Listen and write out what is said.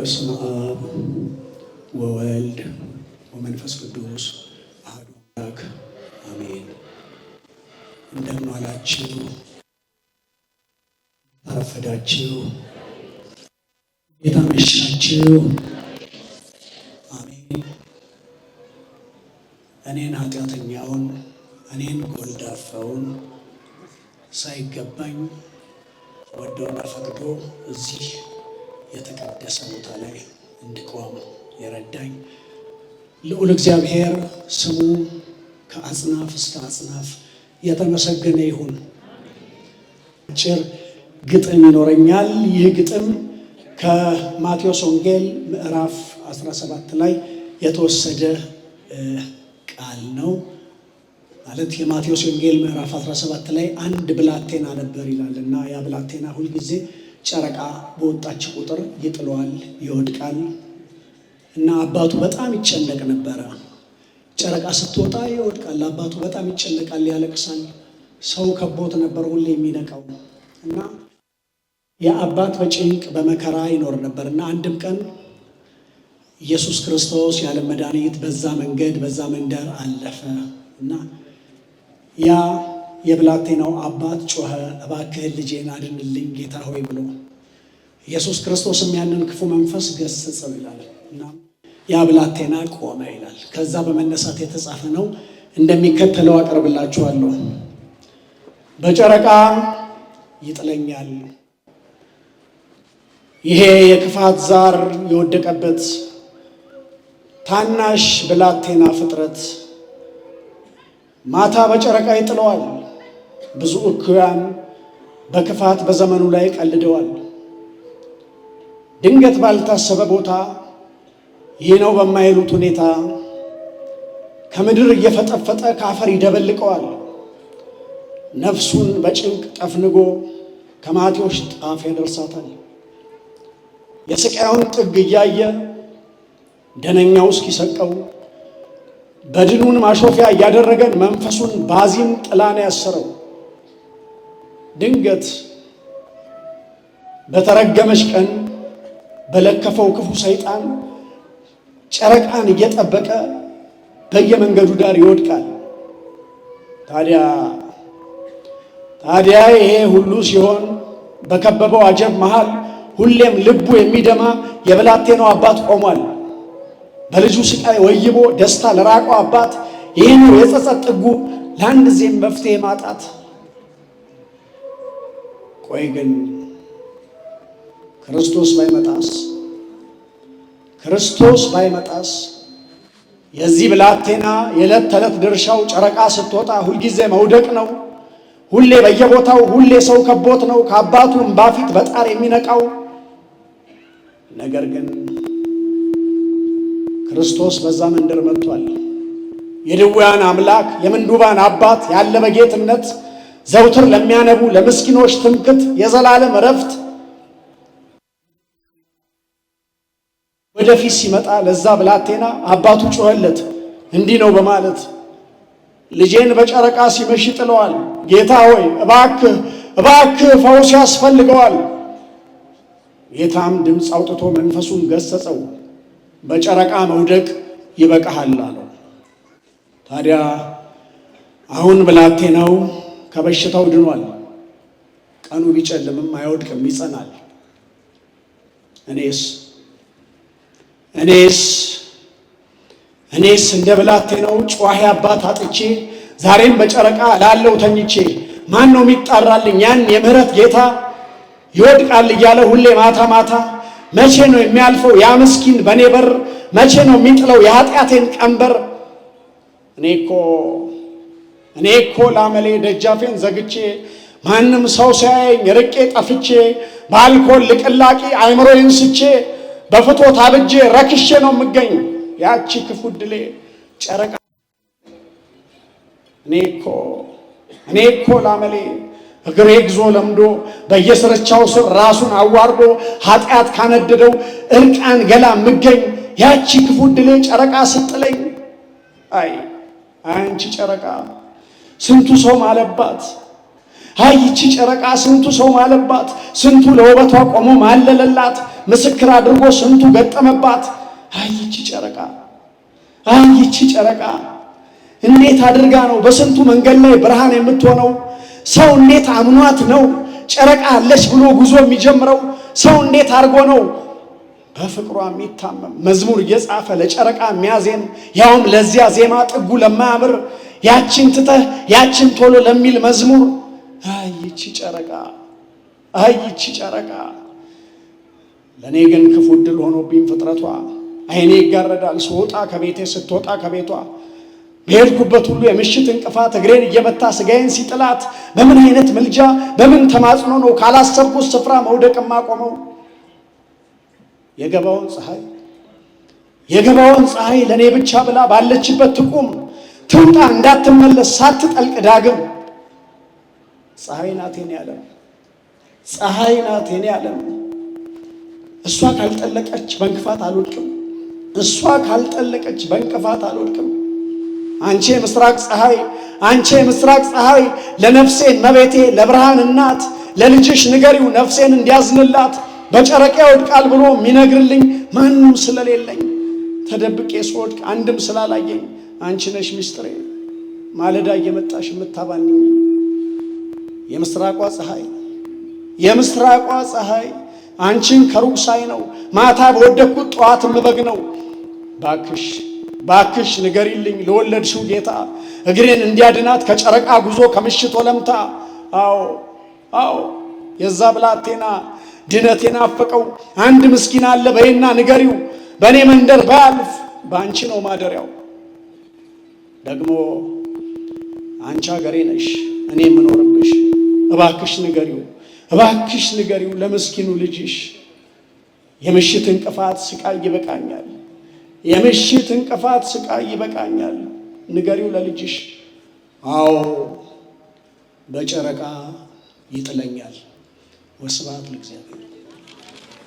በስመ አብ ወወልድ ወመንፈስ ቅዱስ አሐዱ አምላክ አሜን። እንደምን ዋላችሁ? አረፈዳችሁ? እንዴት አመሻችሁ? አሜን። እኔን ኃጢአተኛውን እኔን ጎልዳፋውን ሳይገባኝ ወደውና ፈቅዶ እዚህ የተቀደሰ ቦታ ላይ እንድቆም የረዳኝ ልዑል እግዚአብሔር ስሙ ከአጽናፍ እስከ አጽናፍ የተመሰገነ ይሁን። አጭር ግጥም ይኖረኛል። ይህ ግጥም ከማቴዎስ ወንጌል ምዕራፍ 17 ላይ የተወሰደ ቃል ነው። ማለት የማቴዎስ ወንጌል ምዕራፍ 17 ላይ አንድ ብላቴና ነበር ይላል እና ያ ብላቴና ሁልጊዜ ጨረቃ በወጣች ቁጥር ይጥለዋል፣ ይወድቃል እና አባቱ በጣም ይጨነቅ ነበረ። ጨረቃ ስትወጣ ይወድቃል። አባቱ በጣም ይጨነቃል፣ ያለቅሳል። ሰው ከቦት ነበር ሁሌ የሚነቃው እና የአባት በጭንቅ በመከራ ይኖር ነበር እና አንድም ቀን ኢየሱስ ክርስቶስ ያለ መድኃኒት በዛ መንገድ በዛ መንደር አለፈ እና ያ የብላቴናው አባት ጮኸ፣ እባክህን ልጄን አድንልኝ ጌታ ሆይ ብሎ ኢየሱስ ክርስቶስም ያንን ክፉ መንፈስ ገሰጸው ይላል እና ያ ብላቴና ቆመ ይላል። ከዛ በመነሳት የተጻፈ ነው እንደሚከተለው አቀርብላችኋለሁ። በጨረቃ ይጥለኛል፣ ይሄ የክፋት ዛር የወደቀበት ታናሽ ብላቴና ፍጥረት ማታ በጨረቃ ይጥለዋል። ብዙ እኩያን በክፋት በዘመኑ ላይ ቀልደዋል። ድንገት ባልታሰበ ቦታ ይህ ነው በማይሉት ሁኔታ ከምድር እየፈጠፈጠ ከአፈር ይደበልቀዋል። ነፍሱን በጭንቅ ጠፍንጎ ከማቴዎች ጣፍ ያደርሳታል። የስቃዩን ጥግ እያየ ደነኛው እስኪሰቀው በድኑን ማሾፊያ እያደረገን መንፈሱን ባዚም ጥላን ያሰረው። ድንገት በተረገመች ቀን በለከፈው ክፉ ሰይጣን ጨረቃን እየጠበቀ በየመንገዱ ዳር ይወድቃል። ታዲያ ታዲያ ይሄ ሁሉ ሲሆን በከበበው አጀብ መሃል ሁሌም ልቡ የሚደማ የብላቴናው አባት ቆሟል። በልጁ ስቃይ ወይቦ ደስታ ለራቀው አባት ይህኑ የጸጸት ጥጉ፣ ለአንድ ጊዜም መፍትሄ ማጣት። ቆይ ግን ክርስቶስ ባይመጣስ ክርስቶስ ባይመጣስ የዚህ ብላቴና የዕለት ተዕለት ድርሻው ጨረቃ ስትወጣ ሁልጊዜ መውደቅ ነው። ሁሌ በየቦታው ሁሌ ሰው ከቦት ነው ከአባቱ እምባ ፊት በጣር የሚነቃው። ነገር ግን ክርስቶስ በዛ መንደር መጥቷል። የድውያን አምላክ የምንዱባን አባት ያለ በጌትነት ዘውትር ለሚያነቡ ለምስኪኖች ትምክት የዘላለም እረፍት ወደፊት ሲመጣ ለዛ ብላቴና አባቱ ጮኸለት እንዲህ ነው በማለት ልጄን በጨረቃ ሲመሽ ጥለዋል። ጌታ ሆይ እባክህ እባክህ ፈውስ ያስፈልገዋል። ጌታም ድምፅ አውጥቶ መንፈሱን ገሰጸው፣ በጨረቃ መውደቅ ይበቃሃል አለው። ታዲያ አሁን ብላቴናው ከበሽታው ድኗል። ቀኑ ቢጨልምም አይወድቅም፣ ይጸናል። እኔስ እኔስ እኔስ እንደ ብላቴናው ጨዋሂ አባት አጥቼ ዛሬም በጨረቃ ላለው ተኝቼ ማን ነው የሚጣራልኝ ያን የምህረት ጌታ ይወድቃል እያለ ሁሌ ማታ ማታ መቼ ነው የሚያልፈው ያ ምስኪን በእኔ በር መቼ ነው የሚጥለው የኃጢአቴን ቀንበር እኔ እኮ እኔ እኮ ላመሌ ደጃፌን ዘግቼ ማንም ሰው ሳያየኝ ርቄ ጠፍቼ በአልኮል ልቅላቂ አእምሮዬን ስቼ በፍቶት አብጄ ረክሼ ነው የምገኝ። ያቺ ክፉ ድሌ ጨረቃ እኔ እኮ እኔ እኮ ላመሌ እግሬ ግዞ ለምዶ በየስርቻው ስር ራሱን አዋርዶ ኃጢአት ካነደደው እርቃን ገላ ምገኝ ያቺ ክፉ ድሌ ጨረቃ ስጥለኝ። አይ አንቺ ጨረቃ ስንቱ ሰው ማለባት። አይ ይቺ ጨረቃ ስንቱ ሰው ማለባት። ስንቱ ለውበቷ ቆሞ ማለለላት። ምስክር አድርጎ ስንቱ ገጠመባት። አይ ይቺ ጨረቃ፣ አይ ይቺ ጨረቃ እንዴት አድርጋ ነው በስንቱ መንገድ ላይ ብርሃን የምትሆነው? ሰው እንዴት አምኗት ነው ጨረቃ አለች ብሎ ጉዞ የሚጀምረው? ሰው እንዴት አድርጎ ነው በፍቅሯ የሚታመም መዝሙር እየጻፈ ለጨረቃ የሚያዜም ያውም ለዚያ ዜማ ጥጉ ለማያምር ያችን ትተህ ያችን ቶሎ ለሚል መዝሙር አይቺ ጨረቃ፣ አይቺ ጨረቃ ለእኔ ግን ክፉ ዕድል ሆኖብኝ ፍጥረቷ አይኔ ይጋረዳል። ስወጣ ከቤቴ ስትወጣ ከቤቷ በሄድኩበት ሁሉ የምሽት እንቅፋት እግሬን እየመታ ስጋዬን ሲጥላት በምን አይነት ምልጃ በምን ተማጽኖ ነው ካላሰብኩት ስፍራ መውደቅማ ቆመው የገባውን ፀሐይ የገባውን ፀሐይ ለእኔ ብቻ ብላ ባለችበት ትቁም ትውጣ እንዳትመለስ ሳትጠልቅ ዳግም ፀሐይ ናት የኔ ዓለም ፀሐይ ናት የኔ ዓለም እሷ ካልጠለቀች በእንቅፋት አልወድቅም። እሷ ካልጠለቀች በእንቅፋት አልወድቅም። አንቺ የምስራቅ ፀሐይ፣ አንቺ የምስራቅ ፀሐይ ለነፍሴ መቤቴ፣ ለብርሃን እናት፣ ለልጅሽ ንገሪው ነፍሴን እንዲያዝንላት በጨረቃ ይወድቃል ብሎ የሚነግርልኝ ማንም ስለሌለኝ ተደብቄ ስወድቅ አንድም ስላላየኝ አንቺ ነሽ ሚስጥሬ ማለዳ እየመጣሽ የምታባኝ የምስራቋ ፀሐይ የምስራቋ ፀሐይ አንቺን ከሩቅ ሳይ ነው ማታ በወደኩት ጠዋት ምበግ ነው። ባክሽ ባክሽ ንገሪልኝ ለወለድሽው ጌታ እግሬን እንዲያድናት ከጨረቃ ጉዞ ከምሽት ወለምታ። አዎ አዎ የዛ ብላቴና ድነት የናፈቀው አንድ ምስኪን አለ በይና ንገሪው በእኔ መንደር ባያልፍ በአንቺ ነው ማደሪያው። ደግሞ አንቺ አገሬ ነሽ እኔ የምኖርብሽ እባክሽ ንገሪው እባክሽ ንገሪው ለምስኪኑ ልጅሽ የምሽት እንቅፋት ስቃይ ይበቃኛል፣ የምሽት እንቅፋት ስቃይ ይበቃኛል፣ ንገሪው ለልጅሽ አዎ በጨረቃ ይጥለኛል። ወስብሐት ለእግዚአብሔር።